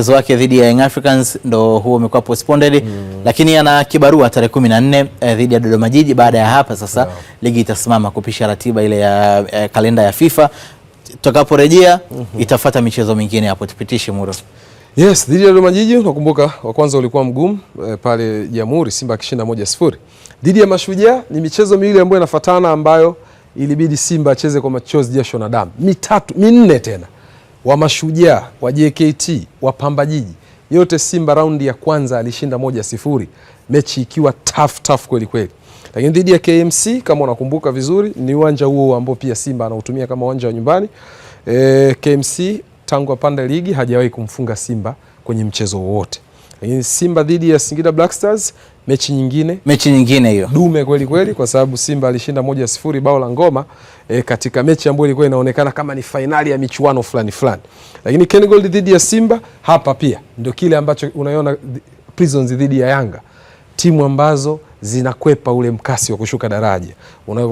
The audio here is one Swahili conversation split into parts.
Mchezo wake dhidi ya Young Africans ndo huo umekuwa postponed mm. Lakini ana kibarua tarehe 14 eh, dhidi ya Dodoma Jiji. Baada ya hapa sasa yeah. Ligi itasimama kupisha ratiba ile ya eh, kalenda ya FIFA. Tutakaporejea mm -hmm. Itafuata michezo mingine hapo, tupitishe muro. Yes, dhidi ya Dodoma Jiji nakumbuka wa kwanza ulikuwa mgumu eh, pale Jamhuri Simba akishinda moja sifuri. Dhidi ya Mashujaa ni michezo miwili ambayo inafuatana ambayo ilibidi Simba acheze kwa machozi, jasho na damu, mitatu minne tena wa Mashujaa, wa JKT, wa Pamba Jiji, yote Simba raundi ya kwanza alishinda moja sifuri, mechi ikiwa tough tough kweli kweli. Lakini dhidi ya KMC kama unakumbuka vizuri, ni uwanja huo ambao pia Simba anautumia kama uwanja wa nyumbani. E, KMC tangu apande ligi hajawahi kumfunga Simba kwenye mchezo wowote. Lakini Simba dhidi ya Singida Black Stars mechi nyingine, mechi nyingine hiyo dume kweli kweli, kwa sababu Simba alishinda moja sifuri bao la ngoma e, katika mechi ambayo ilikuwa inaonekana kama ni fainali ya michuano fulani fulani, lakini Ken Gold dhidi ya Simba hapa pia ndio kile ambacho unaiona Prisons dhidi ya Yanga, timu ambazo zinakwepa ule mkasi wa kushuka daraja una,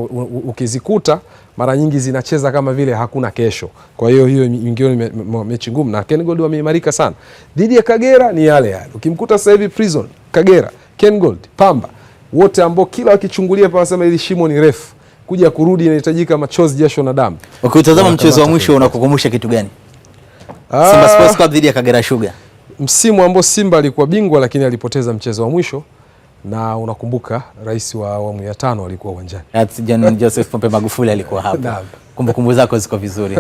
ukizikuta mara nyingi zinacheza kama vile hakuna kesho. Kwa hiyo hiyo ingio ni mechi ngumu, na Ken Gold wameimarika sana. Dhidi ya Kagera ni yale yale, ukimkuta sasa hivi Prison Kagera Kengold, Pamba, wote ambao kila wakichungulia pa wasema ili shimo ni refu, kuja kurudi inahitajika machozi, jasho na damu. Ukiutazama mchezo wa mwisho unakukumbusha kitu gani? Aa, ah. Simba Sports Club dhidi ya Kagera Sugar, msimu ambao Simba alikuwa bingwa lakini alipoteza mchezo wa mwisho na unakumbuka rais wa awamu ya tano alikuwa uwanjani John Joseph Pombe Magufuli alikuwa hapo. Kumbukumbu zako ziko vizuri.